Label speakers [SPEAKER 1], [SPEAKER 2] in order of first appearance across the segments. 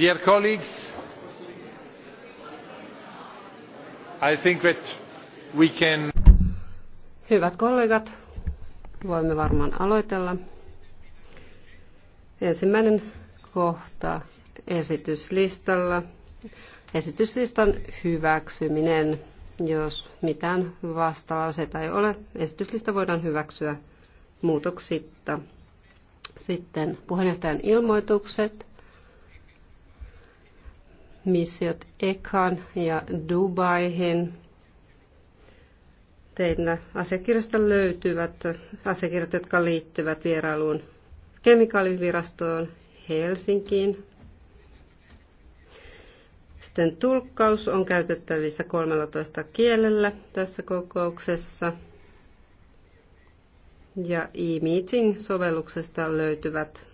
[SPEAKER 1] Dear colleagues, I think that we can...
[SPEAKER 2] Hyvät kollegat, voimme varmaan aloitella. Ensimmäinen kohta esityslistalla. Esityslistan hyväksyminen. Jos mitään vastalauseita ei ole, esityslista voidaan hyväksyä muutoksitta. Sitten puheenjohtajan ilmoitukset missiot Ekan ja Dubaihin. Teillä asiakirjasta löytyvät asiakirjat, jotka liittyvät vierailuun kemikaalivirastoon Helsinkiin. Sitten tulkkaus on käytettävissä 13 kielellä tässä kokouksessa. Ja e-meeting-sovelluksesta löytyvät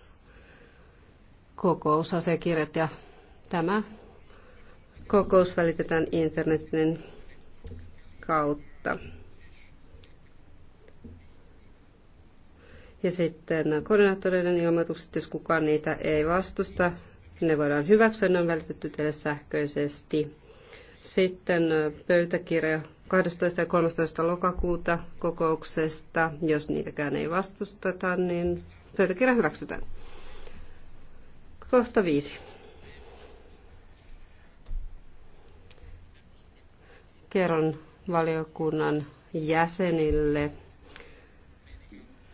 [SPEAKER 2] kokousasiakirjat ja tämä kokous välitetään internetin kautta. Ja sitten koordinaattoreiden ilmoitukset, jos kukaan niitä ei vastusta, ne voidaan hyväksyä, ne on välitetty teille sähköisesti. Sitten pöytäkirja 12. ja 13. lokakuuta kokouksesta, jos niitäkään ei vastusteta, niin pöytäkirja hyväksytään. Kohta viisi. kerron valiokunnan jäsenille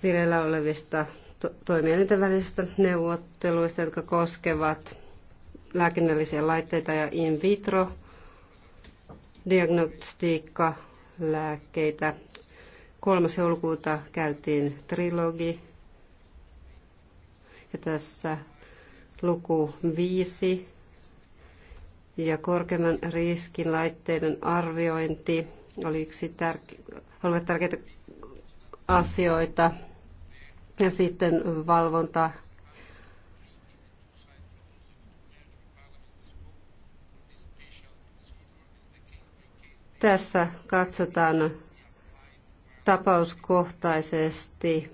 [SPEAKER 2] vireillä olevista to- toimielinten välisistä neuvotteluista, jotka koskevat lääkinnällisiä laitteita ja in vitro diagnostiikka lääkkeitä. 3. joulukuuta käytiin trilogi ja tässä luku 5 ja korkeimman riskin laitteiden arviointi oli yksi tärke- tärkeitä asioita. Ja sitten valvonta tässä katsotaan tapauskohtaisesti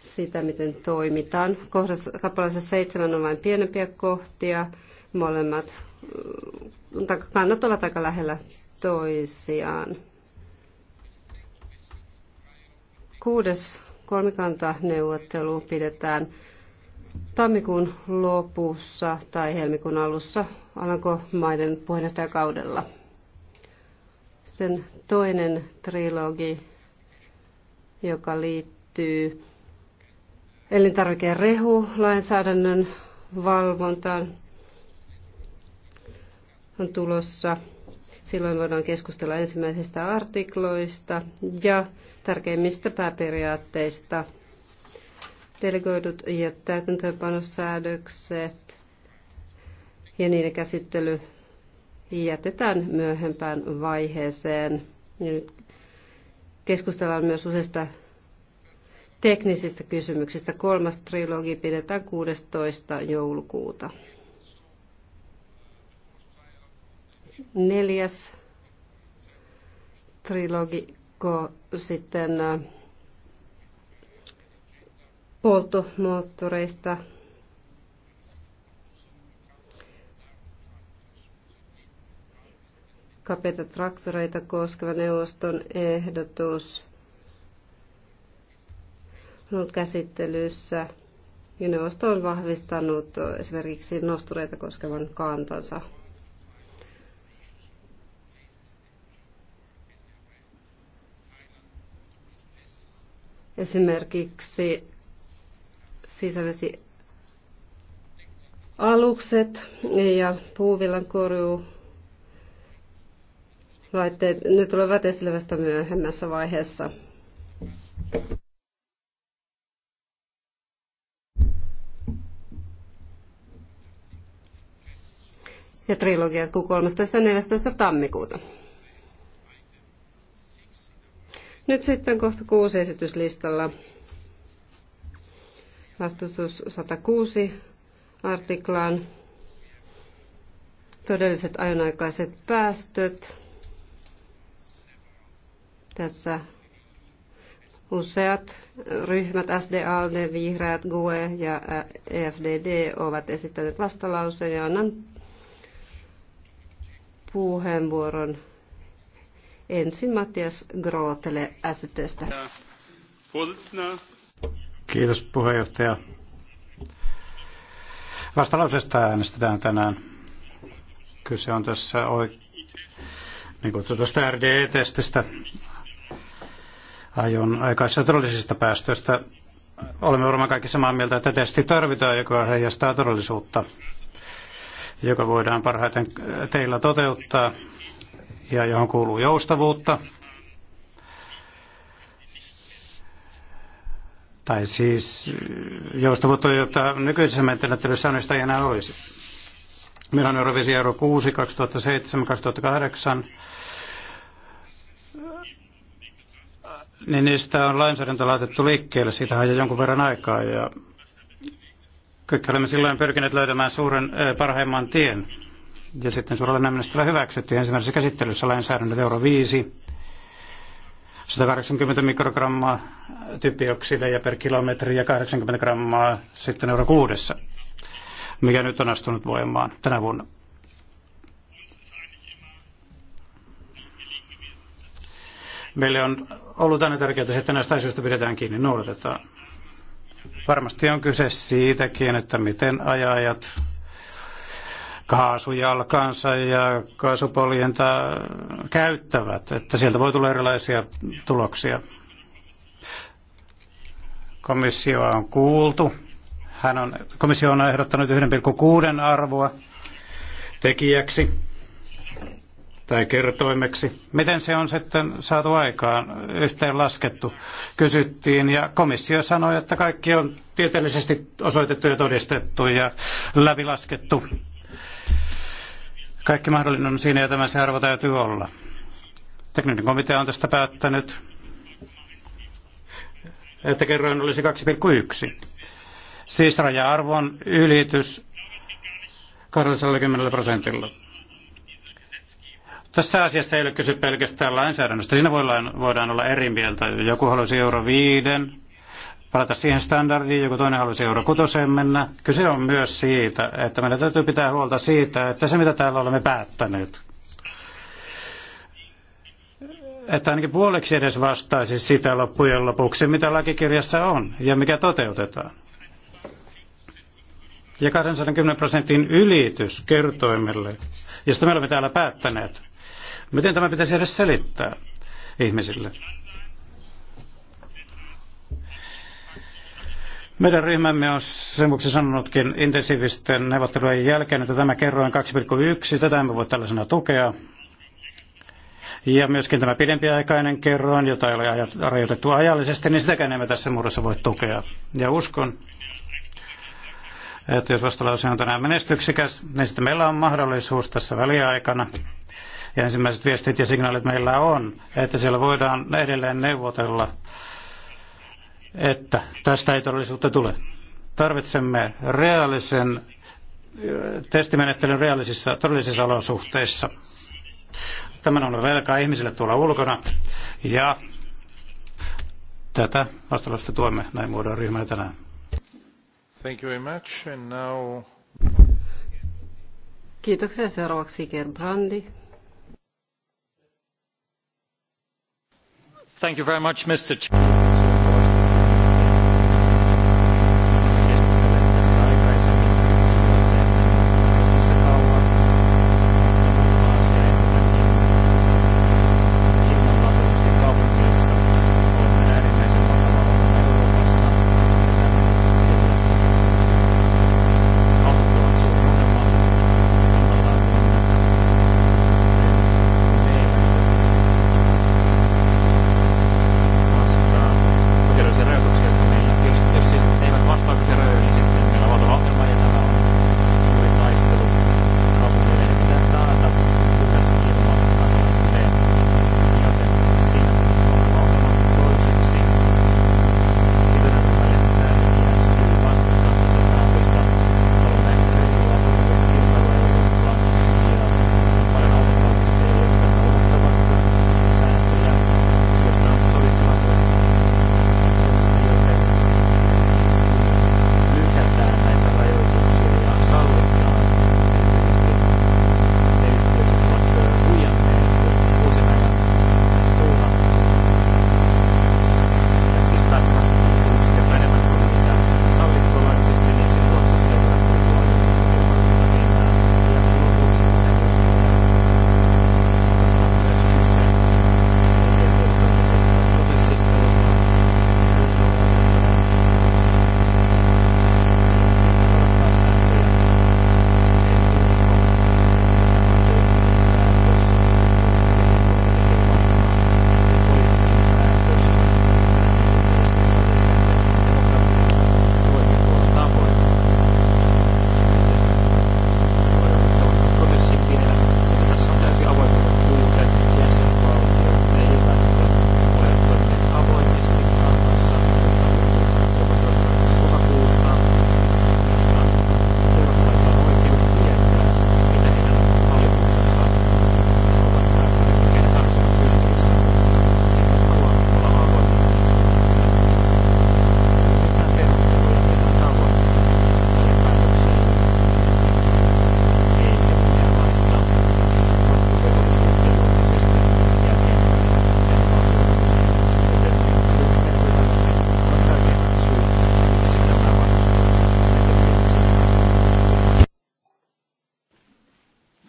[SPEAKER 2] sitä, miten toimitaan. Kohdassa, kappaleessa seitsemän on vain pienempiä kohtia. Molemmat kannat ovat aika lähellä toisiaan. Kuudes kolmikantaneuvottelu pidetään tammikuun lopussa tai helmikuun alussa Alankomaiden puheenjohtajakaudella. Sitten toinen trilogi, joka liittyy elintarvikerehu elintarvikerehu-lainsäädännön valvontaan on tulossa. Silloin voidaan keskustella ensimmäisistä artikloista ja tärkeimmistä pääperiaatteista. Delegoidut ja täytäntöönpanosäädökset ja niiden käsittely jätetään myöhempään vaiheeseen. Ja nyt keskustellaan myös useista teknisistä kysymyksistä. Kolmas trilogi pidetään 16. joulukuuta. neljäs trilogi kun sitten polttomoottoreista. Kapeita traktoreita koskeva neuvoston ehdotus on ollut käsittelyssä ja neuvosto on vahvistanut esimerkiksi nostureita koskevan kantansa. Esimerkiksi sisävesialukset ja puuvillan korjuu laitteet, ne tulevat esille vasta myöhemmässä vaiheessa. ja trilogiat kuin 13. ja 14. tammikuuta. Nyt sitten kohta kuusi esityslistalla. Vastustus 106 artiklaan. Todelliset ajonaikaiset päästöt. Tässä useat ryhmät, SDAL, Vihreät, GUE ja EFDD, ovat esittäneet vastalauseen ja annan puheenvuoron Ensin Mattias Grootele STstä.
[SPEAKER 3] Kiitos puheenjohtaja. Vastalausesta äänestetään tänään. Kyse on tässä oikein niin kutsutusta RDE-testistä, ajon aikaisista todellisista päästöistä. Olemme varmaan kaikki samaa mieltä, että testi tarvitaan, joka heijastaa todellisuutta, joka voidaan parhaiten teillä toteuttaa ja johon kuuluu joustavuutta. Tai siis äh, joustavuutta, jota nykyisessä menettelyssä on, ei enää olisi. Meillä on Eurovisio Euro 6 2007 2008 niin niistä on lainsäädäntö laitettu liikkeelle. Siitä on jo jonkun verran aikaa ja kaikki olemme silloin pyrkineet löytämään suuren äh, parhaimman tien ja sitten suurella enemmistöllä hyväksyttiin ensimmäisessä käsittelyssä lainsäädännöt euro 5, 180 mikrogrammaa typioksideja per kilometri ja 80 grammaa sitten euro 6, mikä nyt on astunut voimaan tänä vuonna. Meille on ollut aina tärkeää että näistä asioista pidetään kiinni, noudatetaan. Varmasti on kyse siitäkin, että miten ajajat kaasujalkansa ja kaasupoljenta käyttävät, että sieltä voi tulla erilaisia tuloksia. Komissio on kuultu. Hän on, komissio on ehdottanut 1,6 arvoa tekijäksi tai kertoimeksi. Miten se on sitten saatu aikaan, yhteenlaskettu, kysyttiin. Ja komissio sanoi, että kaikki on tieteellisesti osoitettu ja todistettu ja läpilaskettu kaikki mahdollinen on siinä ja tämä se arvo täytyy olla. Tekninen komitea on tästä päättänyt, että kerroin olisi 2,1. Siis raja-arvon ylitys 20 prosentilla. Tässä asiassa ei ole kyse pelkästään lainsäädännöstä. Siinä voidaan, olla eri mieltä. Joku halusi euro viiden, palata siihen standardiin, joku toinen halusi euro kutoseen mennä. Kyse on myös siitä, että meidän täytyy pitää huolta siitä, että se mitä täällä olemme päättäneet, että ainakin puoleksi edes vastaisi sitä loppujen lopuksi, mitä lakikirjassa on ja mikä toteutetaan. Ja 210 prosentin ylitys kertoimelle, josta me olemme täällä päättäneet. Miten tämä pitäisi edes selittää ihmisille? Meidän ryhmämme on sen vuoksi sanonutkin intensiivisten neuvottelujen jälkeen, että tämä kerroin 2,1, tätä emme voi tällaisena tukea. Ja myöskin tämä pidempiaikainen kerroin, jota ei ole rajoitettu ajallisesti, niin sitäkään emme tässä muodossa voi tukea. Ja uskon, että jos vastalause on tänään menestyksikäs, niin sitten meillä on mahdollisuus tässä väliaikana ja ensimmäiset viestit ja signaalit meillä on, että siellä voidaan edelleen neuvotella että tästä ei todellisuutta tule. Tarvitsemme reaalisen testimenettelyn reaalisissa, todellisissa olosuhteissa. Tämän on velkaa ihmisille tuolla ulkona ja tätä vastalausta tuemme näin muodon ryhmänä tänään.
[SPEAKER 1] Thank you very much. And now...
[SPEAKER 2] Kiitoksia. Seuraavaksi Gerbrandi.
[SPEAKER 3] Thank you very much, Mr. Chairman.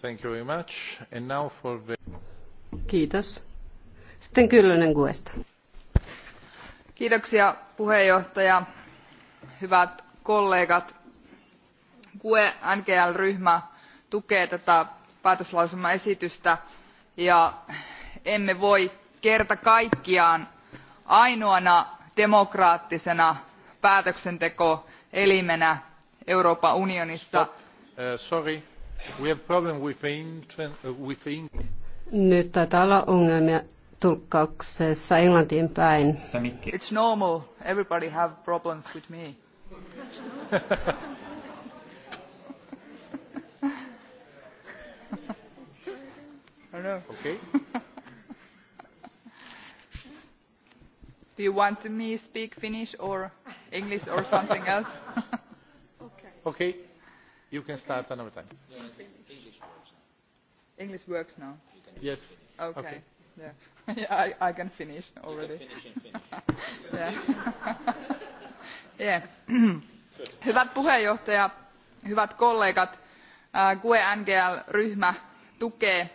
[SPEAKER 1] arvoisa puhemies
[SPEAKER 4] Kiitos. Sitten Kiitoksia Hyvät kollegat, GUE NGL-ryhmä tukee tätä päätöslauselmaesitystä ja emme voi kerta kaikkiaan ainoana demokraattisena päätöksentekoelimenä euroopan unionissa
[SPEAKER 1] uh, sorry.
[SPEAKER 2] Nyt taitaa olla ongelmia tulkkauksessa englantiin päin.
[SPEAKER 4] It's normal. Everybody have problems with me. Do you want me speak Finnish or English or something else? okay.
[SPEAKER 1] Okay. You can start another time.
[SPEAKER 4] English works now. Yes. Okay. okay. Yeah. yeah, I, I can finish already. Hyvät puheenjohtaja, hyvät kollegat, GUE NGL-ryhmä tukee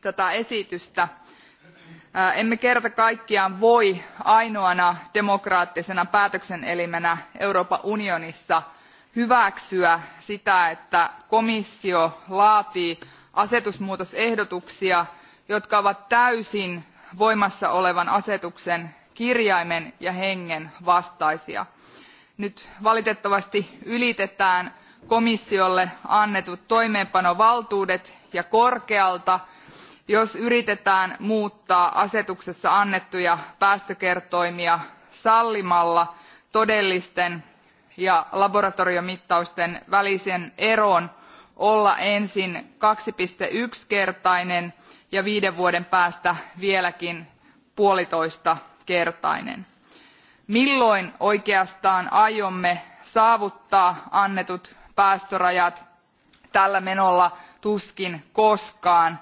[SPEAKER 4] tätä esitystä. Emme kerta kaikkiaan voi ainoana demokraattisena päätöksenelimenä Euroopan unionissa – hyväksyä sitä että komissio laatii asetusmuutosehdotuksia jotka ovat täysin voimassa olevan asetuksen kirjaimen ja hengen vastaisia. nyt valitettavasti ylitetään komissiolle annetut toimeenpanovaltuudet ja korkealta jos yritetään muuttaa asetuksessa annettuja päästökertoimia sallimalla todellisten ja laboratoriomittausten välisen eron olla ensin kaksi yksi kertainen ja viiden vuoden päästä vieläkin puolitoista kertainen. milloin oikeastaan aiomme saavuttaa annetut päästörajat? tällä menolla tuskin koskaan.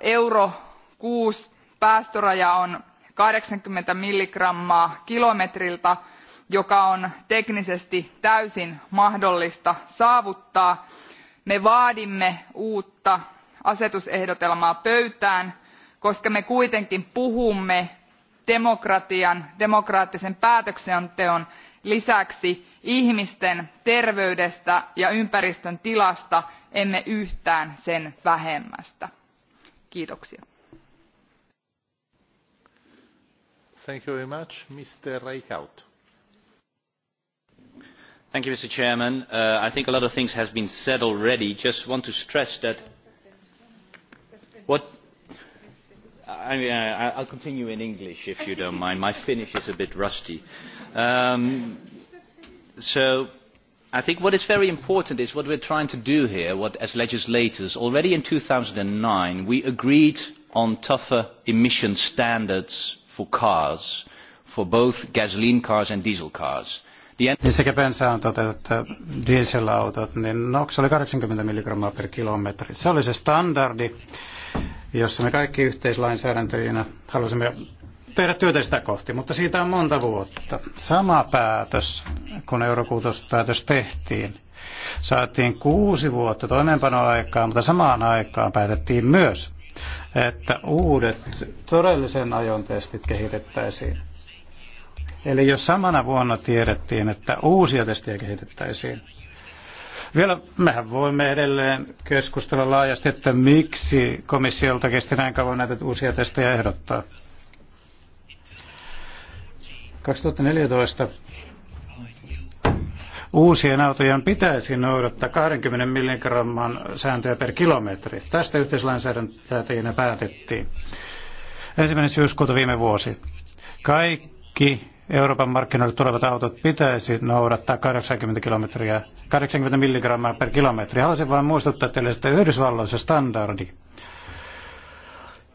[SPEAKER 4] euro kuusi päästöraja on kahdeksankymmentä milligrammaa kilometriltä joka on teknisesti täysin mahdollista saavuttaa me vaadimme uutta asetusehdotelmaa pöytään koska me kuitenkin puhumme demokratian demokraattisen päätöksenteon lisäksi ihmisten terveydestä ja ympäristön tilasta emme yhtään sen vähemmästä. kiitoksia.
[SPEAKER 1] Thank you very much, Mr mr president uh, i think a lot of things have been said already. i
[SPEAKER 5] just want to stress that i will uh, continue in english if you do not mind my finnish is a bit rusty. Um,
[SPEAKER 1] i think what is very important is what we are trying to do here as legislators. already in two thousand and nine we agreed on tougher emission standards for cars for both gasoline cars and diesel cars.
[SPEAKER 3] Niissä kepensa on toteutettu dieselautot, niin NOx oli 80 milligrammaa per kilometri. Se oli se standardi, jossa me kaikki yhteislainsäädäntöjinä halusimme tehdä työtä sitä kohti, mutta siitä on monta vuotta. Sama päätös, kun eurokuutospäätös tehtiin, saatiin kuusi vuotta toimeenpanoaikaa, mutta samaan aikaan päätettiin myös, että uudet todellisen ajon testit kehitettäisiin. Eli jos samana vuonna tiedettiin, että uusia testejä kehitettäisiin, vielä mehän voimme edelleen keskustella laajasti, että miksi komissiolta kesti näin kauan näitä uusia testejä ehdottaa. 2014 uusien autojen pitäisi noudattaa 20 milligramman sääntöä per kilometri. Tästä yhteislainsäädäntöä päätettiin. Ensimmäinen syyskuuta viime vuosi. Kaikki Euroopan markkinoille tulevat autot pitäisi noudattaa 80, kilometriä, 80 milligrammaa per kilometri. Haluaisin vain muistuttaa teille, että Yhdysvalloissa standardi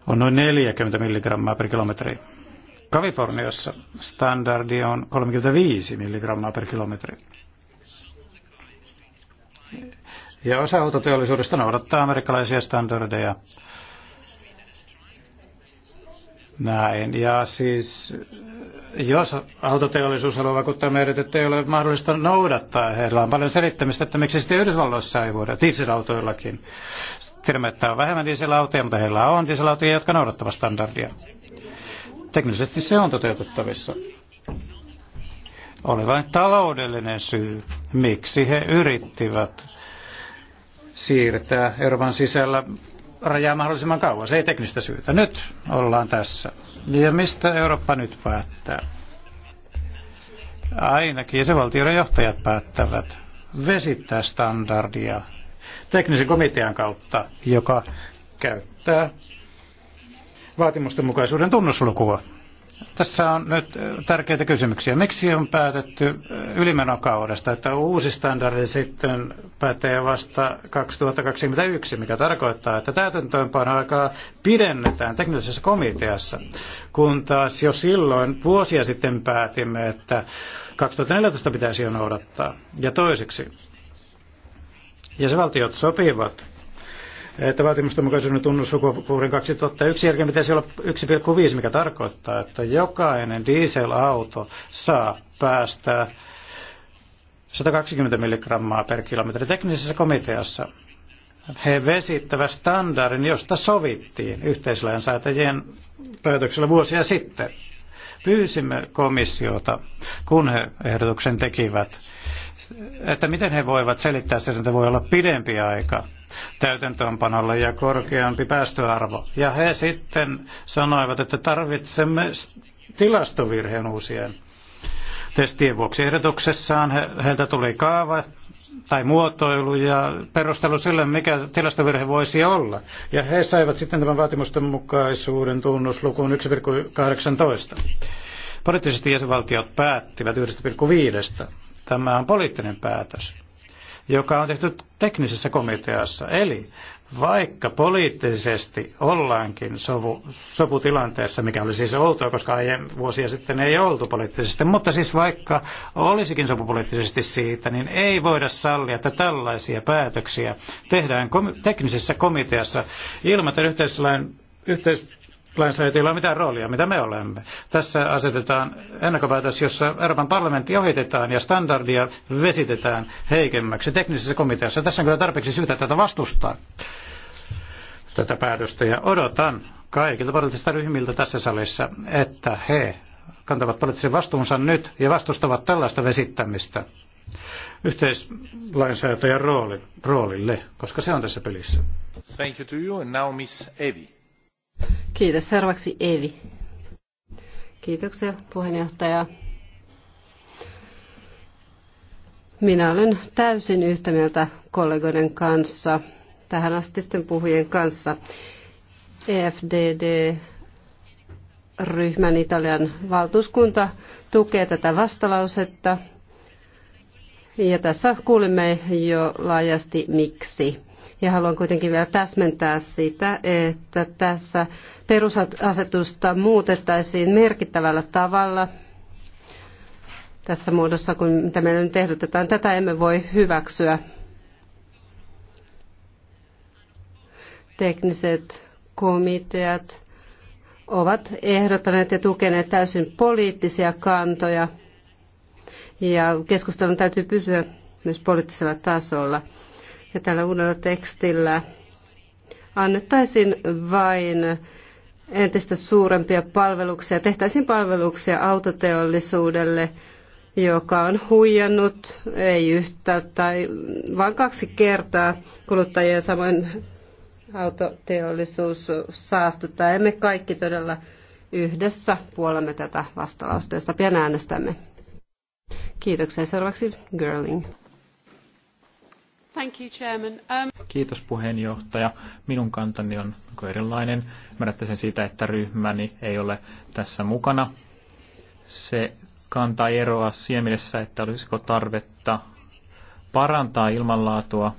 [SPEAKER 3] on noin 40 milligrammaa per kilometri. Kaliforniassa standardi on 35 milligrammaa per kilometri. Ja osa autoteollisuudesta noudattaa amerikkalaisia standardeja. Näin. Ja siis jos autoteollisuus haluaa vakuuttaa meidät, että ei ole mahdollista noudattaa, heillä on paljon selittämistä, että miksi sitten Yhdysvalloissa ei voida, dieselautoillakin. Tiedämme, että on vähemmän dieselautoja, mutta heillä on dieselautoja, jotka noudattavat standardia. Teknisesti se on toteutettavissa. Oli vain taloudellinen syy, miksi he yrittivät siirtää Euroopan sisällä rajaa mahdollisimman kauas, ei teknistä syytä. Nyt ollaan tässä. Ja mistä Eurooppa nyt päättää? Ainakin jäsenvaltioiden johtajat päättävät vesittää standardia teknisen komitean kautta, joka käyttää vaatimustenmukaisuuden tunnuslukua. Tässä on nyt äh, tärkeitä kysymyksiä. Miksi on päätetty äh, ylimenokaudesta, että uusi standardi sitten pätee vasta 2021, mikä tarkoittaa, että täytäntöönpanoaikaa pidennetään teknisessä komiteassa, kun taas jo silloin vuosia sitten päätimme, että 2014 pitäisi jo noudattaa. Ja toiseksi, jäsenvaltiot sopivat että vaatimusten mukaisuuden tunnus vuoden 2001 jälkeen pitäisi olla 1,5, mikä tarkoittaa, että jokainen dieselauto saa päästää 120 milligrammaa per kilometri teknisessä komiteassa. He vesittävät standardin, josta sovittiin yhteislainsäätäjien päätöksellä vuosia sitten. Pyysimme komissiota, kun he ehdotuksen tekivät, että miten he voivat selittää sen, että voi olla pidempi aika täytäntöönpanolle ja korkeampi päästöarvo. Ja he sitten sanoivat, että tarvitsemme tilastovirheen uusien testien vuoksi. Ehdotuksessaan he, heiltä tuli kaava tai muotoilu ja perustelu sille, mikä tilastovirhe voisi olla. Ja he saivat sitten tämän vaatimusten mukaisuuden tunnuslukuun 1,18. Poliittisesti jäsenvaltiot päättivät 1,5. Tämä on poliittinen päätös joka on tehty teknisessä komiteassa. Eli vaikka poliittisesti ollaankin sovu, soputilanteessa, mikä oli siis outoa, koska aiemmin vuosia sitten ei oltu poliittisesti, mutta siis vaikka olisikin poliittisesti siitä, niin ei voida sallia, että tällaisia päätöksiä tehdään kom- teknisessä komiteassa ilman, että yhteislain, yhteis- lainsäätäjillä ole mitään roolia, mitä me olemme. Tässä asetetaan ennakkopäätös, jossa Euroopan parlamentti ohitetaan ja standardia vesitetään heikemmäksi teknisessä komiteassa. Tässä on kyllä tarpeeksi syytä tätä vastustaa tätä päätöstä ja odotan kaikilta poliittisilta ryhmiltä tässä salissa, että he kantavat poliittisen vastuunsa nyt ja vastustavat tällaista vesittämistä yhteislainsäätäjän roolille, koska se on tässä
[SPEAKER 1] pelissä. Thank you to you and now Miss Evi.
[SPEAKER 2] Kiitos. Seuraavaksi Evi. Kiitoksia puheenjohtaja. Minä olen täysin yhtä mieltä kollegoiden kanssa, tähän asti sitten puhujien kanssa. EFDD-ryhmän Italian valtuuskunta tukee tätä vastalausetta. Ja tässä kuulimme jo laajasti miksi. Ja haluan kuitenkin vielä täsmentää sitä, että tässä perusasetusta muutettaisiin merkittävällä tavalla tässä muodossa, kun mitä meillä nyt ehdotetaan. Tätä emme voi hyväksyä. Tekniset komiteat ovat ehdottaneet ja tukeneet täysin poliittisia kantoja ja keskustelun täytyy pysyä myös poliittisella tasolla. Ja tällä uudella tekstillä annettaisiin vain entistä suurempia palveluksia, tehtäisiin palveluksia autoteollisuudelle, joka on huijannut, ei yhtä tai vain kaksi kertaa kuluttajia samoin autoteollisuus saastuttaa. Emme kaikki todella yhdessä puolemme tätä vastalausta, josta pian äänestämme. Kiitoksia. Seuraavaksi Girling. Thank you, Chairman. Um...
[SPEAKER 5] Kiitos puheenjohtaja. Minun kantani on erilainen. Ymmärrätte sen siitä, että ryhmäni ei ole tässä mukana. Se kantaa eroa siinä mielessä, että olisiko tarvetta parantaa ilmanlaatua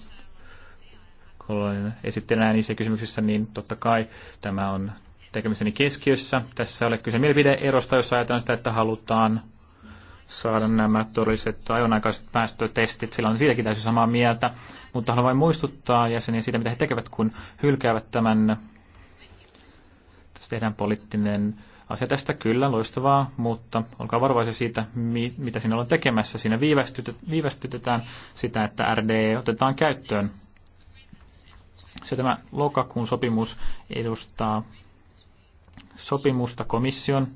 [SPEAKER 5] kun esittelen niissä kysymyksissä, niin totta kai tämä on tekemiseni keskiössä. Tässä ei ole kyse mielipideerosta, jos ajatellaan sitä, että halutaan saada nämä todelliset ajonaikaiset päästötestit. Sillä on siitäkin täysin samaa mieltä, mutta haluan vain muistuttaa jäseniä siitä, mitä he tekevät, kun hylkäävät tämän. Tässä tehdään poliittinen asia tästä, kyllä, loistavaa, mutta olkaa varovaisia siitä, mitä siinä ollaan tekemässä. Siinä viivästytetään sitä, että RDE otetaan käyttöön. Se tämä lokakuun sopimus edustaa sopimusta komission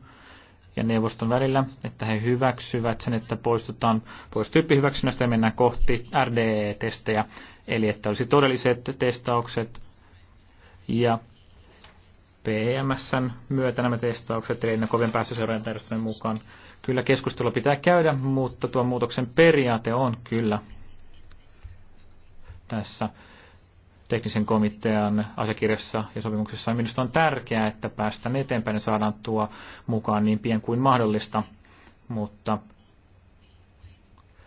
[SPEAKER 5] ja neuvoston välillä, että he hyväksyvät sen, että poistutaan pois tyyppihyväksynnästä ja mennään kohti RDE-testejä, eli että olisi todelliset testaukset ja PMSn e myötä nämä testaukset, eli ne kovien päästöseurantajärjestelmän mukaan. Kyllä keskustelua pitää käydä, mutta tuo muutoksen periaate on kyllä tässä teknisen komitean asiakirjassa ja sopimuksessa. Minusta on tärkeää, että päästään eteenpäin ja saadaan tuo mukaan niin pian kuin mahdollista, mutta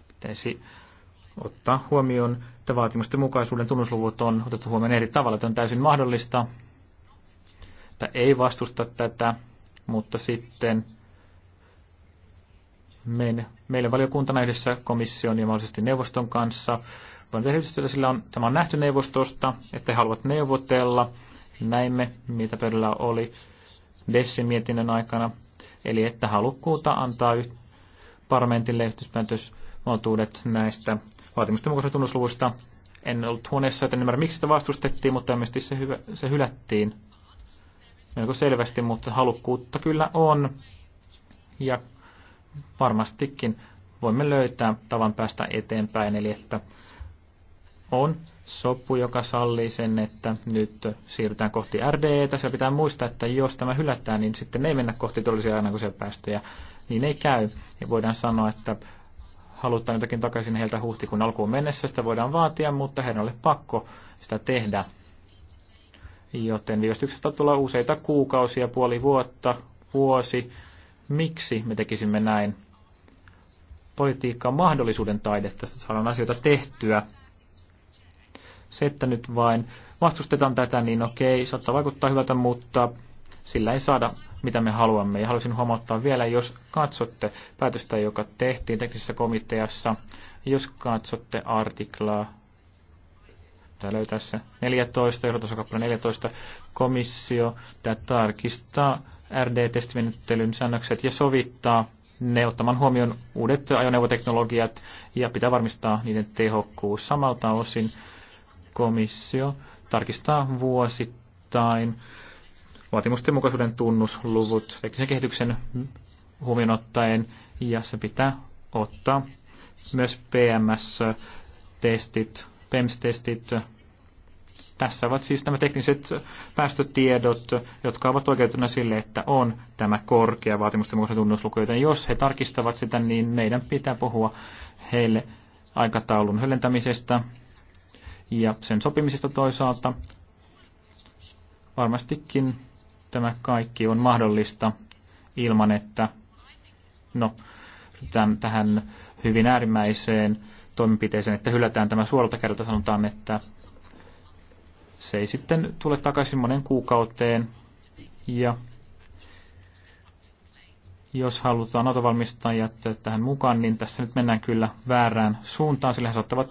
[SPEAKER 5] pitäisi ottaa huomioon, että vaatimusten mukaisuuden tunnusluvut on otettu huomioon eri tavalla. että on täysin mahdollista, että ei vastusta tätä, mutta sitten meidän, meille valiokuntana yhdessä komission ja mahdollisesti neuvoston kanssa Yhteistyöllä sillä on, tämä on nähty neuvostosta, että he haluavat neuvotella. Näimme, mitä pöydällä oli Dessin mietinnön aikana. Eli että halukkuutta antaa yh- parlamentille yhteispäätösvaltuudet näistä vaatimusten mukaisista tunnusluvuista. En ollut huoneessa, että en ymmärrä, miksi sitä vastustettiin, mutta ilmeisesti se, hyvä, se hylättiin melko selvästi, mutta halukkuutta kyllä on. Ja varmastikin voimme löytää tavan päästä eteenpäin, eli että on sopu, joka sallii sen, että nyt siirrytään kohti RDE. Tässä pitää muistaa, että jos tämä hylätään, niin sitten ei mennä kohti todellisia aina päästöjä. Niin ei käy. Ja voidaan sanoa, että halutaan jotakin takaisin heiltä huhtikuun alkuun mennessä. Sitä voidaan vaatia, mutta heidän ole pakko sitä tehdä. Joten viivästyksestä tulee useita kuukausia, puoli vuotta, vuosi. Miksi me tekisimme näin? Politiikka on mahdollisuuden taidetta, että saadaan asioita tehtyä se, että nyt vain vastustetaan tätä, niin okei, saattaa vaikuttaa hyvältä, mutta sillä ei saada mitä me haluamme. Ja haluaisin huomauttaa vielä, jos katsotte päätöstä, joka tehtiin teknisessä komiteassa, jos katsotte artiklaa, tämä löytää se 14, ehdotusokappale 14, komissio, tämä tarkistaa RD-testimenettelyn säännökset ja sovittaa ne ottamaan huomioon uudet ajoneuvoteknologiat ja pitää varmistaa niiden tehokkuus. Samalta osin komissio tarkistaa vuosittain vaatimusten mukaisuuden tunnusluvut teknisen kehityksen huomioon ottaen, ja se pitää ottaa myös PMS-testit, PEMS-testit. Tässä ovat siis nämä tekniset päästötiedot, jotka ovat oikeutena sille, että on tämä korkea vaatimusten mukaisen tunnusluku, joten jos he tarkistavat sitä, niin meidän pitää puhua heille aikataulun höllentämisestä ja sen sopimisesta toisaalta. Varmastikin tämä kaikki on mahdollista ilman, että no, tämän, tähän hyvin äärimmäiseen toimenpiteeseen, että hylätään tämä suoralta kerta, sanotaan, että se ei sitten tule takaisin monen kuukauteen. Ja jos halutaan autovalmistajat tähän mukaan, niin tässä nyt mennään kyllä väärään suuntaan, sillä he saattavat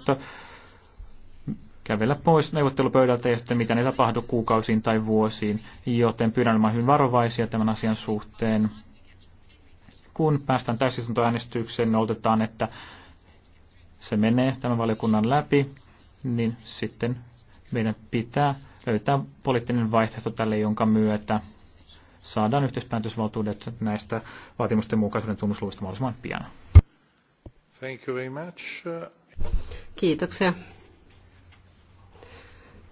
[SPEAKER 5] kävellä pois neuvottelupöydältä ja sitten mitä ne tapahdu kuukausiin tai vuosiin, joten pyydän olemaan hyvin varovaisia tämän asian suhteen. Kun päästään täysistuntoäänestykseen, niin otetaan, että se menee tämän valiokunnan läpi, niin sitten meidän pitää löytää poliittinen vaihtoehto tälle, jonka myötä saadaan yhteispäätösvaltuudet näistä vaatimusten mukaisuuden tunnusluvista mahdollisimman pian.
[SPEAKER 2] Thank you very much. Kiitoksia.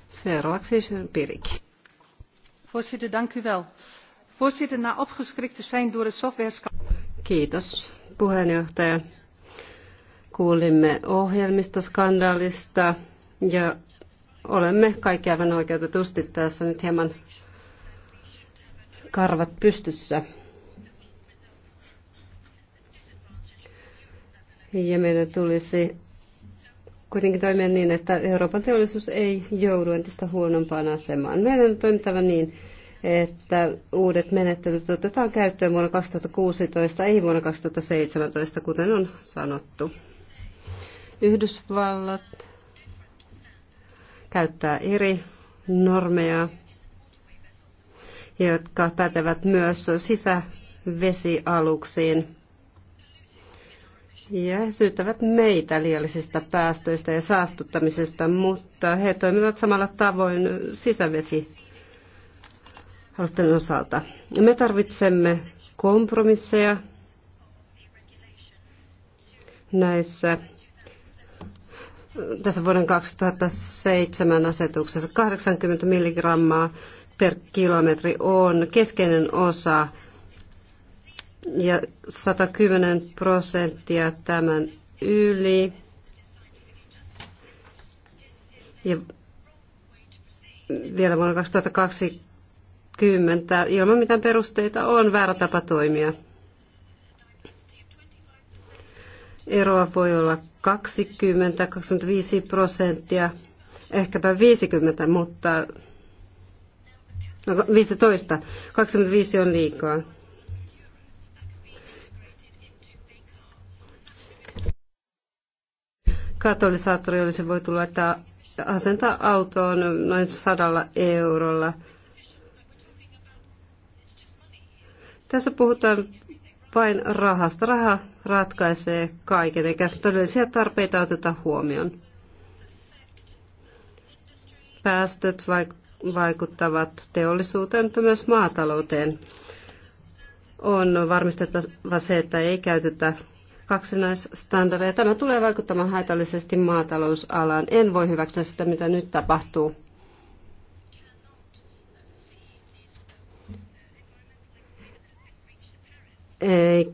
[SPEAKER 2] Voorzitter, Voorzitter, na opgeschrikt te zijn door het softwareschandaal. Kiitos, puheenjohtaja. Kuulimme ohjelmistoskandaalista ja olemme kaikki aivan oikeutetusti tässä nyt hieman karvat pystyssä. Ja meidän tulisi kuitenkin toimia niin, että Euroopan teollisuus ei joudu entistä huonompaan asemaan. Meidän on toimittava niin, että uudet menettelyt otetaan käyttöön vuonna 2016, ei vuonna 2017, kuten on sanottu. Yhdysvallat käyttää eri normeja, jotka pätevät myös sisävesialuksiin ja syyttävät meitä liiallisista päästöistä ja saastuttamisesta, mutta he toimivat samalla tavoin sisävesi osalta. Me tarvitsemme kompromisseja näissä tässä vuoden 2007 asetuksessa 80 milligrammaa per kilometri on keskeinen osa ja 110 prosenttia tämän yli. Ja vielä vuonna 2020 ilman mitään perusteita on väärä tapa toimia. Eroa voi olla 20-25 prosenttia, ehkäpä 50, mutta no 15, 25 on liikaa. Katalysaattori olisi voitu laittaa asentaa autoon noin sadalla eurolla. Tässä puhutaan vain rahasta. Raha ratkaisee kaiken, eikä todellisia tarpeita oteta huomioon. Päästöt vaikuttavat teollisuuteen, mutta myös maatalouteen. On varmistettava se, että ei käytetä kaksinaisstandardeja. Tämä tulee vaikuttamaan haitallisesti maatalousalaan. En voi hyväksyä sitä, mitä nyt tapahtuu. Ei.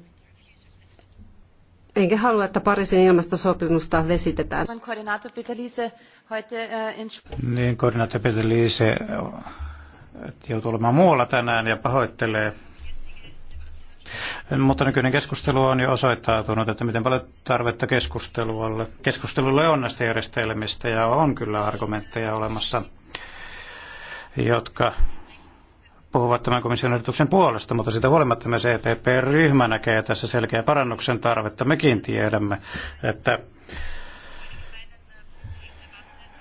[SPEAKER 2] Enkä halua, että Pariisin ilmastosopimusta vesitetään. Äh,
[SPEAKER 3] niin, koordinaattori Peter Liise joutuu olemaan muualla tänään ja pahoittelee mutta nykyinen keskustelu on jo osoittautunut, että miten paljon tarvetta keskustelulle, keskustelulle on näistä järjestelmistä ja on kyllä argumentteja olemassa, jotka puhuvat tämän komission ehdotuksen puolesta, mutta siitä huolimatta me CPP-ryhmä näkee tässä selkeä parannuksen tarvetta. Mekin tiedämme, että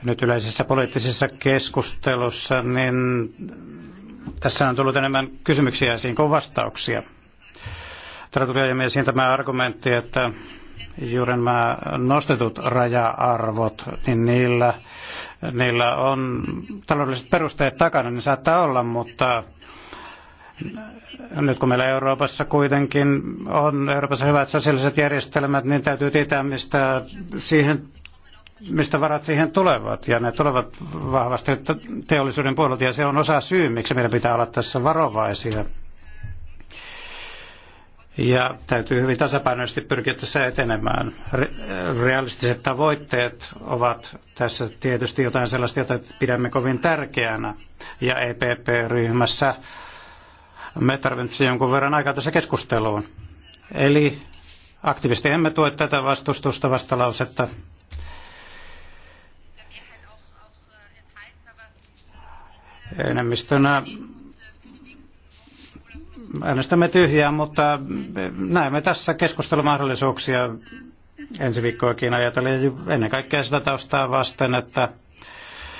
[SPEAKER 3] nyt yleisessä poliittisessa keskustelussa, niin tässä on tullut enemmän kysymyksiä esiin kuin vastauksia esiin tämä argumentti, että juuri nämä nostetut raja-arvot, niin niillä, niillä on taloudelliset perusteet takana, niin saattaa olla, mutta nyt kun meillä Euroopassa kuitenkin on Euroopassa hyvät sosiaaliset järjestelmät, niin täytyy tietää, mistä, siihen, mistä varat siihen tulevat. Ja ne tulevat vahvasti teollisuuden puolelta, ja se on osa syy, miksi meidän pitää olla tässä varovaisia. Ja täytyy hyvin tasapainoisesti pyrkiä tässä etenemään. Realistiset tavoitteet ovat tässä tietysti jotain sellaista, jota pidämme kovin tärkeänä. Ja EPP-ryhmässä me tarvitsemme jonkun verran aikaa tässä keskusteluun. Eli aktivisti emme tue tätä vastustusta vastalausetta. Enemmistönä äänestämme tyhjää, mutta näemme tässä keskustelumahdollisuuksia ensi viikkoakin ajatellen ennen kaikkea sitä taustaa vasten, että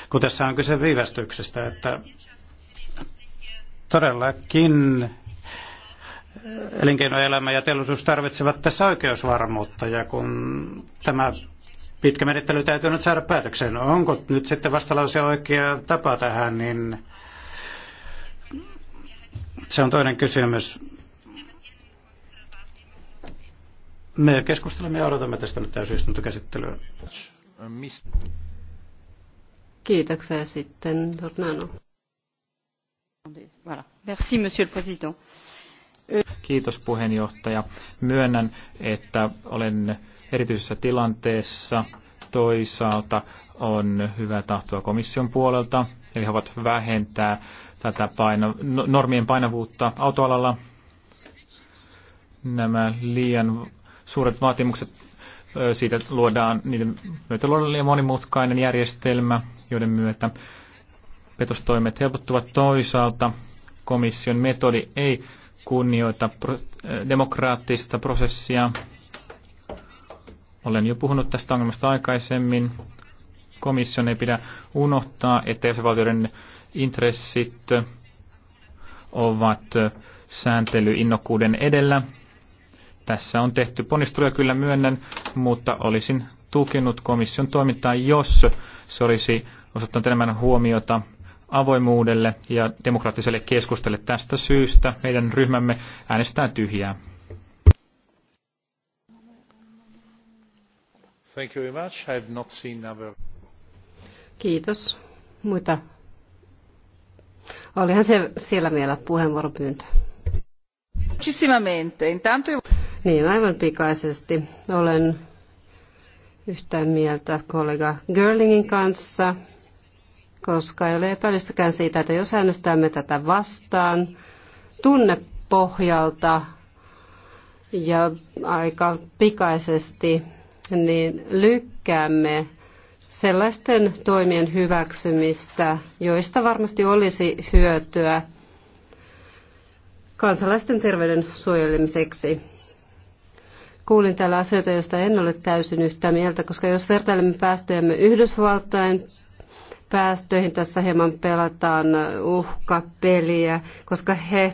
[SPEAKER 3] kun tässä on kyse viivästyksestä, että todellakin elinkeinoelämä ja teollisuus tarvitsevat tässä oikeusvarmuutta ja kun tämä pitkä menettely täytyy nyt saada päätökseen, onko nyt sitten vastalause oikea tapa tähän, niin se on toinen kysymys. Me keskustelemme ja odotamme tästä nyt täysistuntokäsittelyä.
[SPEAKER 2] Kiitoksia sitten Dornano. Merci, monsieur le président.
[SPEAKER 5] Kiitos puheenjohtaja. Myönnän, että olen erityisessä tilanteessa. Toisaalta on hyvä tahtoa komission puolelta eli he ovat vähentää tätä paino, no, normien painavuutta autoalalla. Nämä liian suuret vaatimukset siitä luodaan, niiden myötä luodaan liian monimutkainen järjestelmä, joiden myötä petostoimet helpottuvat toisaalta. Komission metodi ei kunnioita demokraattista prosessia. Olen jo puhunut tästä ongelmasta aikaisemmin komission ei pidä unohtaa, että jäsenvaltioiden intressit ovat sääntelyinnokkuuden edellä. Tässä on tehty ponnisteluja, kyllä myönnän, mutta olisin tukenut komission toimintaa, jos se olisi osoittanut enemmän huomiota avoimuudelle ja demokraattiselle keskustelle. Tästä syystä meidän ryhmämme äänestää tyhjää.
[SPEAKER 1] Thank you very much. I have not seen other...
[SPEAKER 2] Kiitos. Muita? Olihan se siellä vielä puheenvuoropyyntö. Niin, aivan pikaisesti. Olen yhtä mieltä kollega Görlingin kanssa, koska ei ole epäilystäkään siitä, että jos äänestämme tätä vastaan tunnepohjalta ja aika pikaisesti, niin lykkäämme sellaisten toimien hyväksymistä, joista varmasti olisi hyötyä kansalaisten terveyden suojelemiseksi. Kuulin täällä asioita, joista en ole täysin yhtä mieltä, koska jos vertailemme päästöjämme Yhdysvaltain päästöihin, tässä hieman pelataan uhkapeliä, koska he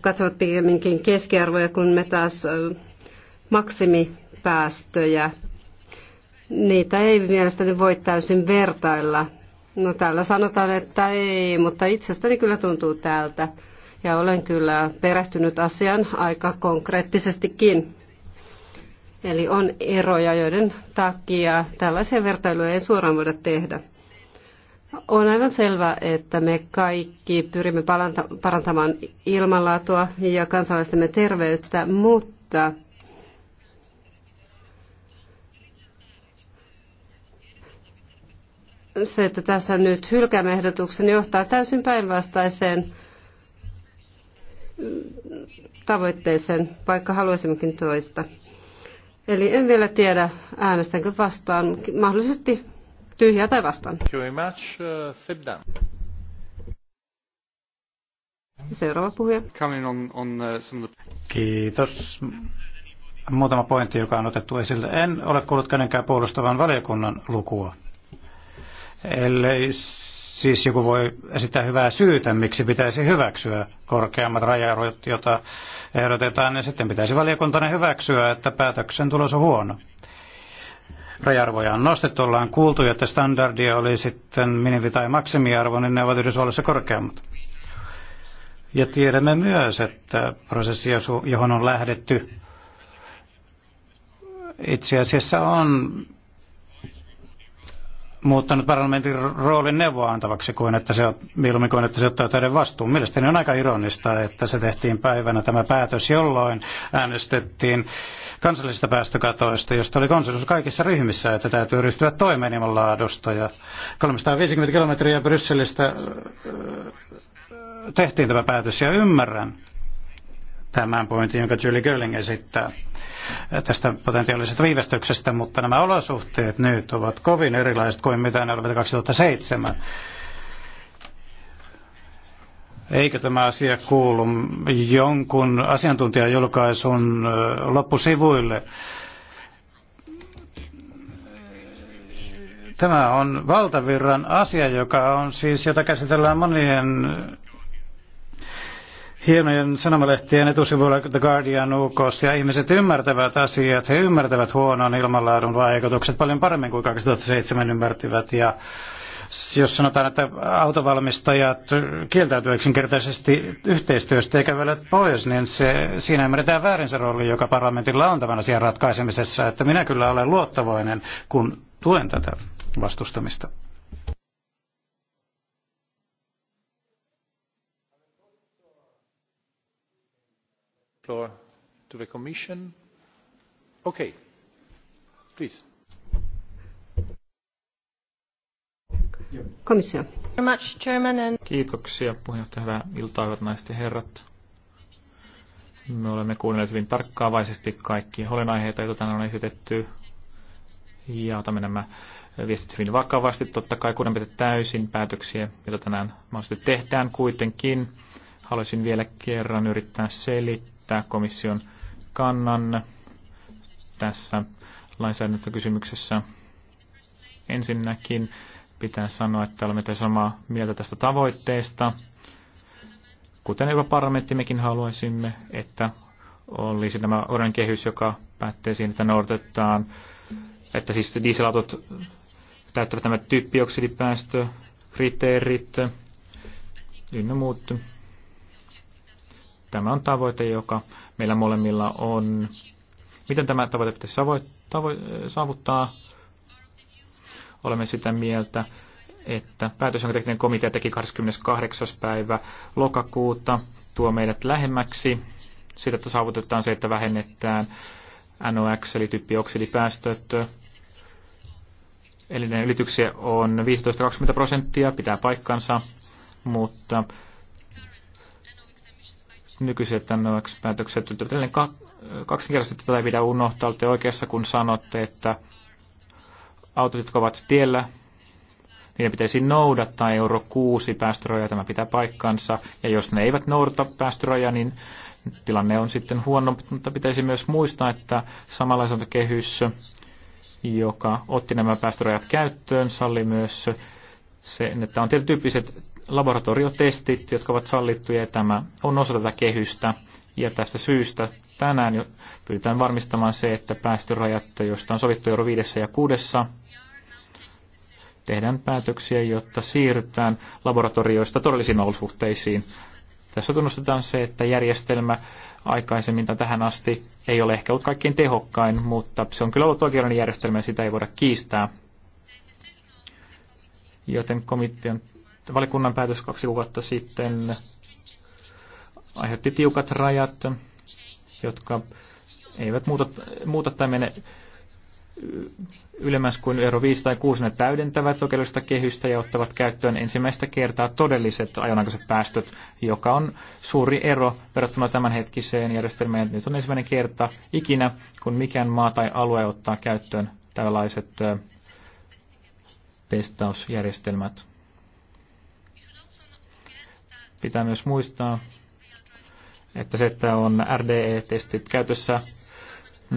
[SPEAKER 2] katsovat pikemminkin keskiarvoja, kun me taas maksimipäästöjä niitä ei mielestäni voi täysin vertailla. No täällä sanotaan, että ei, mutta itsestäni kyllä tuntuu tältä. Ja olen kyllä perehtynyt asian aika konkreettisestikin. Eli on eroja, joiden takia tällaisia vertailuja ei suoraan voida tehdä. On aivan selvää, että me kaikki pyrimme parantamaan ilmanlaatua ja kansalaistemme terveyttä, mutta se, että tässä nyt hylkäämme ehdotuksen, johtaa täysin päinvastaiseen tavoitteeseen, vaikka haluaisimmekin toista. Eli en vielä tiedä, äänestänkö vastaan, mahdollisesti tyhjää tai vastaan.
[SPEAKER 1] Uh,
[SPEAKER 2] seuraava puhuja. Uh,
[SPEAKER 3] Kiitos. Muutama pointti, joka on otettu esille. En ole kuullut kenenkään puolustavan valiokunnan lukua ellei siis joku voi esittää hyvää syytä, miksi pitäisi hyväksyä korkeammat rajaerot, joita ehdotetaan, niin sitten pitäisi valiokuntana hyväksyä, että päätöksen tulos on huono. Rajarvoja on nostettu, ollaan kuultu, että standardia oli sitten minimi- tai maksimiarvo, niin ne ovat Yhdysvalloissa korkeammat. Ja tiedämme myös, että prosessi, johon on lähdetty, itse asiassa on muuttanut parlamentin roolin antavaksi kuin että se, mieluummin kuin että se ottaa täyden vastuun. Mielestäni on aika ironista, että se tehtiin päivänä tämä päätös, jolloin äänestettiin kansallisista päästökatoista, josta oli konsensus kaikissa ryhmissä, että täytyy ryhtyä toimeen ilmanlaadusta. Ja 350 kilometriä Brysselistä tehtiin tämä päätös ja ymmärrän, tämän pointin, jonka Julie Görling esittää tästä potentiaalisesta viivästyksestä, mutta nämä olosuhteet nyt ovat kovin erilaiset kuin mitä ne olivat 2007. Eikö tämä asia kuulu jonkun asiantuntijajulkaisun loppusivuille? Tämä on valtavirran asia, joka on siis, jota käsitellään monien hienojen sanomalehtien etusivuilla The Guardian UK, ja ihmiset ymmärtävät asiat, he ymmärtävät huonon ilmanlaadun vaikutukset paljon paremmin kuin 2007 ymmärtivät ja jos sanotaan, että autovalmistajat kieltäytyvät yksinkertaisesti yhteistyöstä eikä välät pois, niin se, siinä ymmärretään väärin se rooli, joka parlamentilla on tämän asian ratkaisemisessa. Että minä kyllä olen luottavainen, kun tuen tätä vastustamista.
[SPEAKER 1] floor to the Commission.
[SPEAKER 5] Kiitoksia puheenjohtaja. Hyvää iltaa, hyvät naiset ja herrat. Me olemme kuunnelleet hyvin tarkkaavaisesti kaikki huolenaiheita, joita tänään on esitetty. Ja otamme nämä viestit hyvin vakavasti. Totta kai kunnanpitä täysin päätöksiä, joita tänään mahdollisesti tehdään kuitenkin. Haluaisin vielä kerran yrittää selittää esittää komission kannan tässä lainsäädäntökysymyksessä. Ensinnäkin pitää sanoa, että olemme samaa mieltä tästä tavoitteesta. Kuten jopa parlamentti, mekin haluaisimme, että olisi tämä oran kehys, joka päättää siihen, että noudatetaan, että siis dieselautot täyttävät nämä typpioksidipäästökriteerit ynnä muut Tämä on tavoite, joka meillä molemmilla on. Miten tämä tavoite pitäisi saavuttaa? Olemme sitä mieltä, että päätös, jonka tekninen komitea teki 28. päivä lokakuuta, tuo meidät lähemmäksi Sitä että saavutetaan se, että vähennetään NOx eli typpioksidipäästöt. Eli ne ylityksiä on 15-20 prosenttia, pitää paikkansa, mutta nykyiset tämmöiseksi päätökset tyytyvät edelleen kaksinkertaisesti. Tätä ei pidä unohtaa. Olette oikeassa, kun sanotte, että autot, jotka ovat tiellä, niiden pitäisi noudattaa euro 6 päästörajaa. Tämä pitää paikkansa. Ja jos ne eivät noudata päästörajaa, niin tilanne on sitten huono, mutta pitäisi myös muistaa, että samanlaisen kehys, joka otti nämä päästörajat käyttöön, salli myös sen, että on tietyn tyyppiset laboratoriotestit, jotka ovat sallittuja, ja tämä on osa tätä kehystä. Ja tästä syystä tänään jo pyritään varmistamaan se, että päästörajat, joista on sovittu euro viidessä ja kuudessa tehdään päätöksiä, jotta siirrytään laboratorioista todellisiin olosuhteisiin. Tässä tunnustetaan se, että järjestelmä aikaisemmin tai tähän asti ei ole ehkä ollut kaikkein tehokkain, mutta se on kyllä ollut oikeudellinen järjestelmä ja sitä ei voida kiistää. Joten komitean valikunnan päätös kaksi kuukautta sitten aiheutti tiukat rajat, jotka eivät muuta, muuta tai mene ylemmäs kuin euro 5 tai 6. Ne täydentävät oikeudellista kehystä ja ottavat käyttöön ensimmäistä kertaa todelliset ajonaikaiset päästöt, joka on suuri ero verrattuna tämänhetkiseen järjestelmään. Nyt on ensimmäinen kerta ikinä, kun mikään maa tai alue ottaa käyttöön tällaiset testausjärjestelmät. Pitää myös muistaa, että se, että on RDE-testit käytössä,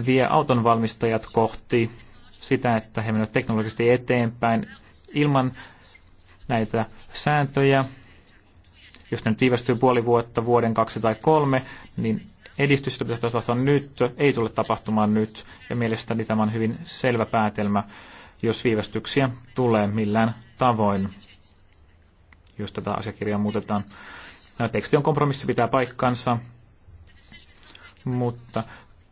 [SPEAKER 5] vie auton valmistajat kohti sitä, että he menevät teknologisesti eteenpäin ilman näitä sääntöjä. Jos ne nyt viivästyy puoli vuotta, vuoden, kaksi tai kolme, niin edistys, jota pitäisi tapahtua nyt, ei tule tapahtumaan nyt. Ja mielestäni tämä on hyvin selvä päätelmä, jos viivästyksiä tulee millään tavoin jos tätä asiakirjaa muutetaan. Tämä teksti on kompromissi, pitää paikkansa, mutta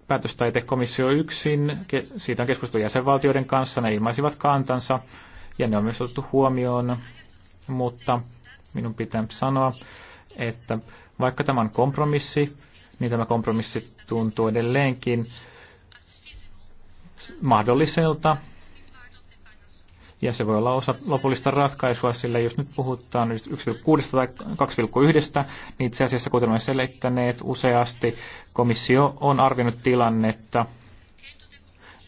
[SPEAKER 5] päätöstä ei tee komissio yksin. Siitä on keskusteltu jäsenvaltioiden kanssa, ne ilmaisivat kantansa ja ne on myös otettu huomioon, mutta minun pitää sanoa, että vaikka tämä on kompromissi, niin tämä kompromissi tuntuu edelleenkin mahdolliselta ja se voi olla osa lopullista ratkaisua, sillä jos nyt puhutaan 1,6 tai 2,1, niin itse asiassa, kuten olemme selittäneet useasti, komissio on arvioinut tilannetta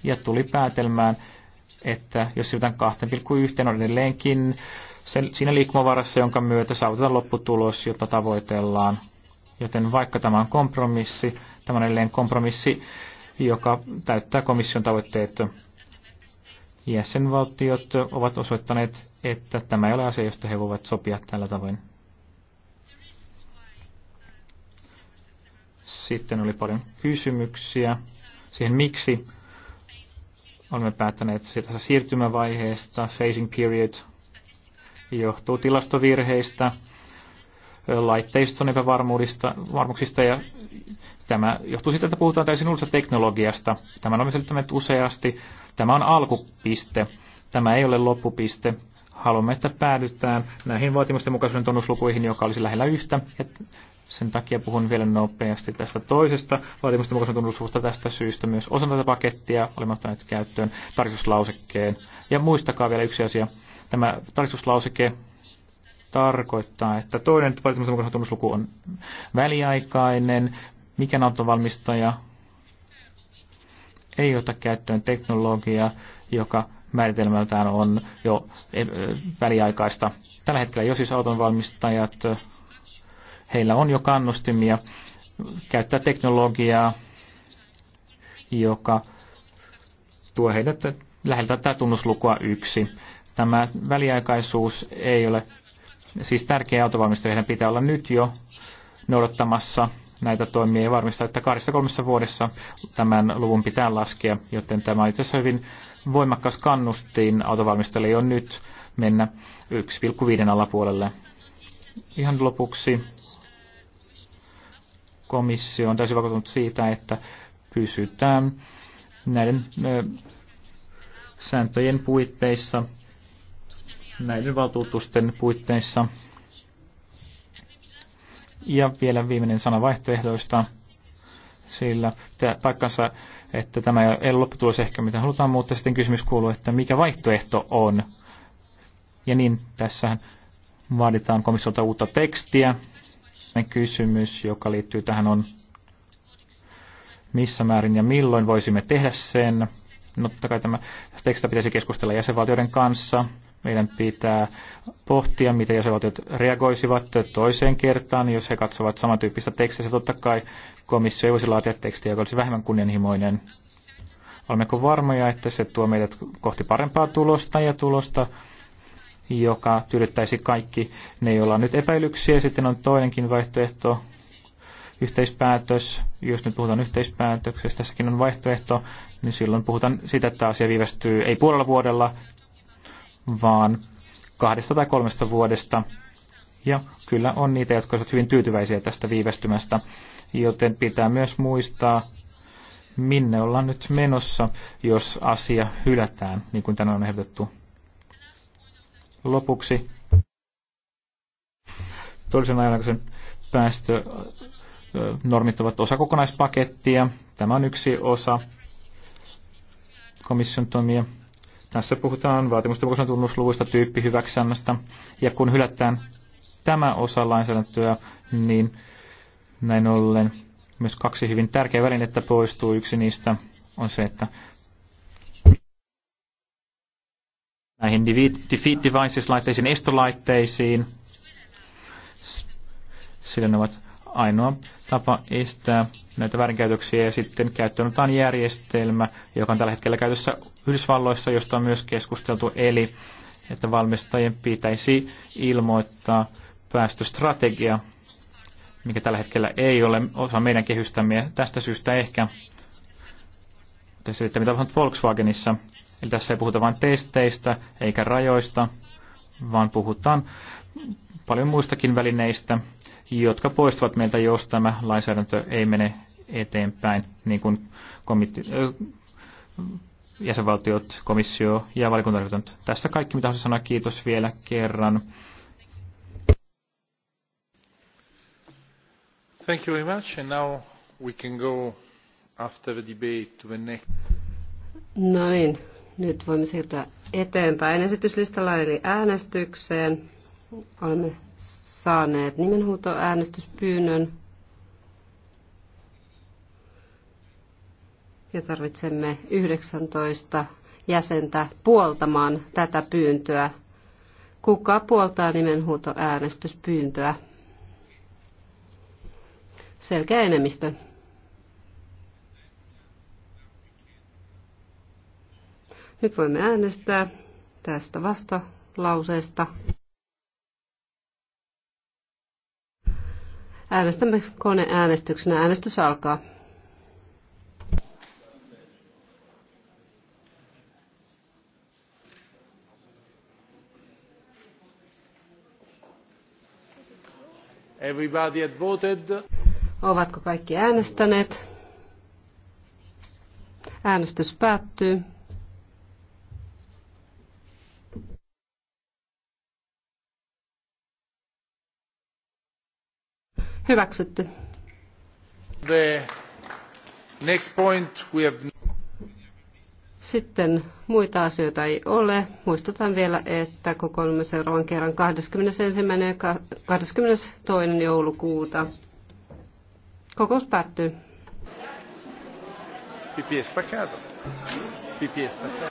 [SPEAKER 5] ja tuli päätelmään, että jos siirrytään 2,1 on edelleenkin sen, siinä liikkumavarassa, jonka myötä saavutetaan lopputulos, jota tavoitellaan. Joten vaikka tämä on kompromissi, tämä on edelleen kompromissi, joka täyttää komission tavoitteet jäsenvaltiot ovat osoittaneet, että tämä ei ole asia, josta he voivat sopia tällä tavoin. Sitten oli paljon kysymyksiä siihen, miksi olemme päättäneet siitä siirtymävaiheesta, phasing period, johtuu tilastovirheistä, laitteiston epävarmuuksista ja tämä johtuu siitä, että puhutaan täysin uudesta teknologiasta. Tämä olemme selittäneet useasti. Tämä on alkupiste. Tämä ei ole loppupiste. Haluamme, että päädytään näihin vaatimusten mukaisuuden tunnuslukuihin, joka olisi lähellä yhtä. Ja sen takia puhun vielä nopeasti tästä toisesta vaatimusten mukaisen tunnusluvusta tästä syystä myös osana tätä pakettia. Olemme ottaneet käyttöön tarkistuslausekkeen. Ja muistakaa vielä yksi asia. Tämä tarkistuslauseke tarkoittaa, että toinen valitsemisen mukaisen tunnusluku on väliaikainen, mikä autovalmistaja ei ota käyttöön teknologiaa, joka määritelmältään on jo eh, väliaikaista. Tällä hetkellä jo siis autonvalmistajat, heillä on jo kannustimia käyttää teknologiaa, joka tuo heidät läheltä tätä tunnuslukua yksi. Tämä väliaikaisuus ei ole Siis tärkeä autovalmistajien pitää olla nyt jo noudattamassa näitä toimia ja varmistaa, että kahdessa kolmessa vuodessa tämän luvun pitää laskea, joten tämä on itse asiassa hyvin voimakkaas kannustin autovalmistajille jo nyt mennä 1,5 alapuolelle. Ihan lopuksi komissio on täysin vakuuttunut siitä, että pysytään näiden ö, sääntöjen puitteissa näiden valtuutusten puitteissa. Ja vielä viimeinen sana vaihtoehdoista, sillä paikkansa, että tämä ei ole lopputulos ehkä mitä halutaan, mutta sitten kysymys kuuluu, että mikä vaihtoehto on. Ja niin, tässähän vaaditaan komissiolta uutta tekstiä. Ja kysymys, joka liittyy tähän on, missä määrin ja milloin voisimme tehdä sen. No, totta kai tämä, tästä tekstistä pitäisi keskustella jäsenvaltioiden kanssa meidän pitää pohtia, miten jäsenvaltiot reagoisivat toiseen kertaan, jos he katsovat samantyyppistä tekstiä. Se totta kai komissio ei voisi laatia tekstiä, joka olisi vähemmän kunnianhimoinen. Olemmeko varmoja, että se tuo meidät kohti parempaa tulosta ja tulosta, joka tyydyttäisi kaikki ne, joilla on nyt epäilyksiä. Sitten on toinenkin vaihtoehto, yhteispäätös, jos nyt puhutaan yhteispäätöksestä, tässäkin on vaihtoehto, niin silloin puhutaan siitä, että asia viivästyy ei puolella vuodella vaan kahdesta tai kolmesta vuodesta. Ja kyllä on niitä, jotka ovat hyvin tyytyväisiä tästä viivästymästä, joten pitää myös muistaa, minne ollaan nyt menossa, jos asia hylätään, niin kuin tänään on ehdotettu. Lopuksi todellisen aikaisen päästö normit ovat osa kokonaispakettia. Tämä on yksi osa komission toimia tässä puhutaan vaatimusten mukaisen tunnusluvuista, tyyppihyväksännästä, ja kun hylätään tämä osa lainsäädäntöä, niin näin ollen myös kaksi hyvin tärkeää välinettä poistuu. Yksi niistä on se, että näihin defeat devices laitteisiin, estolaitteisiin, sillä ne ovat ainoa tapa estää näitä väärinkäytöksiä ja sitten käyttöön otetaan järjestelmä, joka on tällä hetkellä käytössä Yhdysvalloissa, josta on myös keskusteltu, eli että valmistajien pitäisi ilmoittaa päästöstrategia, mikä tällä hetkellä ei ole osa meidän kehystämme. Tästä syystä ehkä tässä mitä on Volkswagenissa. Eli tässä ei puhuta vain testeistä eikä rajoista, vaan puhutaan paljon muistakin välineistä, jotka poistuvat meiltä, jos tämä lainsäädäntö ei mene eteenpäin, niin kuin jäsenvaltiot, komissio ja valikuntaryhmät. Tässä kaikki, mitä haluaisin sanoa. Kiitos vielä kerran.
[SPEAKER 1] Thank you very much. And now we can go after the debate to the next.
[SPEAKER 2] No niin, nyt voimme siirtyä eteenpäin esityslistalla eli äänestykseen. Olemme saaneet nimenhuutoäänestyspyynnön ja tarvitsemme 19 jäsentä puoltamaan tätä pyyntöä. Kuka puoltaa nimenhuutoäänestyspyyntöä? Selkeä enemmistö. Nyt voimme äänestää tästä vastalauseesta. Äänestämme koneäänestyksenä. Äänestys alkaa.
[SPEAKER 1] Everybody had voted.
[SPEAKER 2] Ovatko kaikki äänestäneet? Äänestys päättyy. Hyväksytty.
[SPEAKER 1] The next point we have...
[SPEAKER 2] Sitten muita asioita ei ole. Muistutan vielä, että kokoonnumme seuraavan kerran 21. ja 22. joulukuuta. Kokous päättyy.
[SPEAKER 1] Pipi è Pipi è